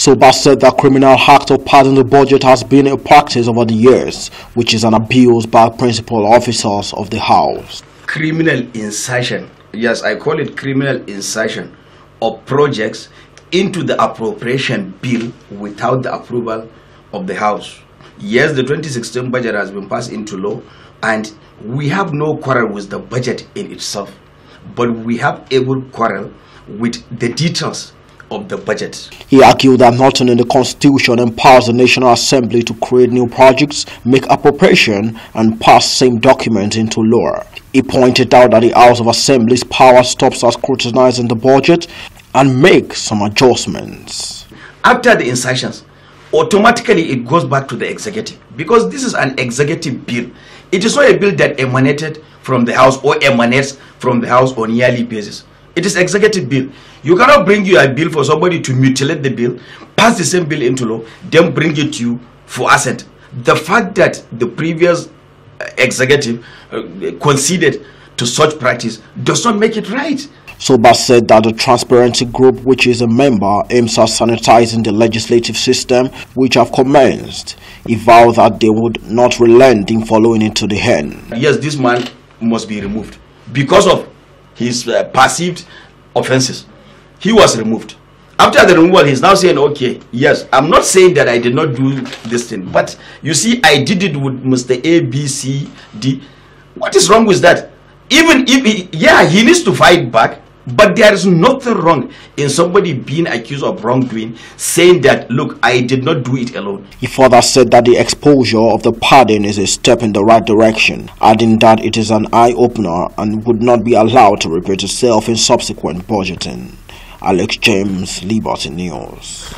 Soba said that criminal act of passing the budget has been a practice over the years, which is an abuse by principal officers of the House. Criminal insertion, yes, I call it criminal insertion, of projects into the appropriation bill without the approval of the House. Yes, the 2016 budget has been passed into law, and we have no quarrel with the budget in itself, but we have able quarrel with the details of the budget. He argued that nothing in the constitution empowers the National Assembly to create new projects, make appropriation, and pass same documents into law. He pointed out that the House of Assembly's power stops at scrutinizing the budget and make some adjustments. After the insertions, automatically it goes back to the executive because this is an executive bill. It is not a bill that emanated from the House or emanates from the House on yearly basis. It is executive bill. You cannot bring you a bill for somebody to mutilate the bill, pass the same bill into law, then bring it to you for assent. The fact that the previous uh, executive uh, conceded to such practice does not make it right. Soba said that the Transparency Group, which is a member, aims at sanitizing the legislative system, which have commenced. He vowed that they would not relent in following it to the end. Yes, this man must be removed because of his uh, perceived offenses. He was removed. After the removal, he's now saying, okay, yes, I'm not saying that I did not do this thing, but you see, I did it with Mr. A, B, C, D. What is wrong with that? Even if, he, yeah, he needs to fight back, but there is nothing wrong in somebody being accused of wrongdoing saying that, look, I did not do it alone. He further said that the exposure of the pardon is a step in the right direction, adding that it is an eye opener and would not be allowed to repeat itself in subsequent budgeting. Alex James, Liberty News.